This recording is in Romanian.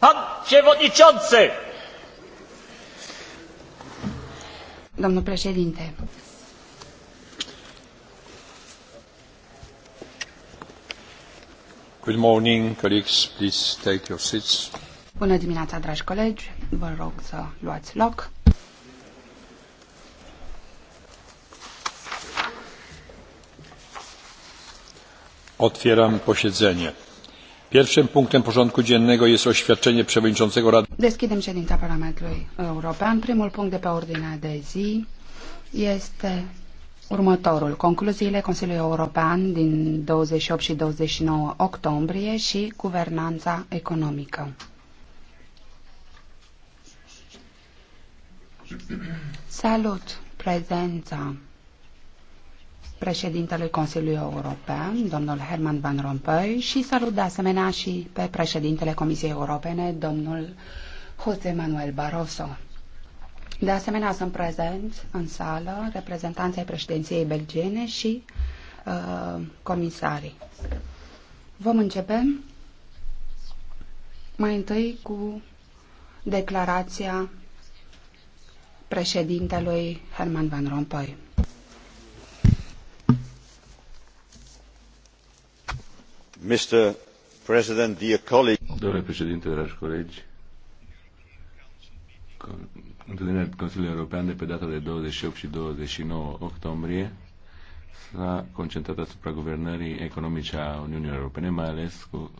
Pan Przewodniczący! Domnul președinte. Good morning, colleagues. Please take your seats. Bună dimineața, dragi colegi. Vă rog să luați loc. Otwieram posiedzenie. Pierwszym punctem porządku dziennego jest oświadczenie przewodniczącego Rady. Deschidem ședința Parlamentului European. Primul punct de pe ordinea de zi este următorul. Concluziile Consiliului European din 28 și 29 octombrie și guvernanța economică. Salut prezența Președintele Consiliului European, domnul Herman Van Rompuy, și salut de asemenea și pe președintele Comisiei Europene, domnul José Manuel Barroso. De asemenea, sunt prezent în sală reprezentanții președinției belgiene și uh, comisarii. Vom începe mai întâi cu declarația președintelui Herman Van Rompuy. Domnule președinte, dragi colegi, întâlnirea Consiliului European de pe data de 28 și 29 octombrie s-a concentrat asupra guvernării economice a Uniunii Europene, mai ales cu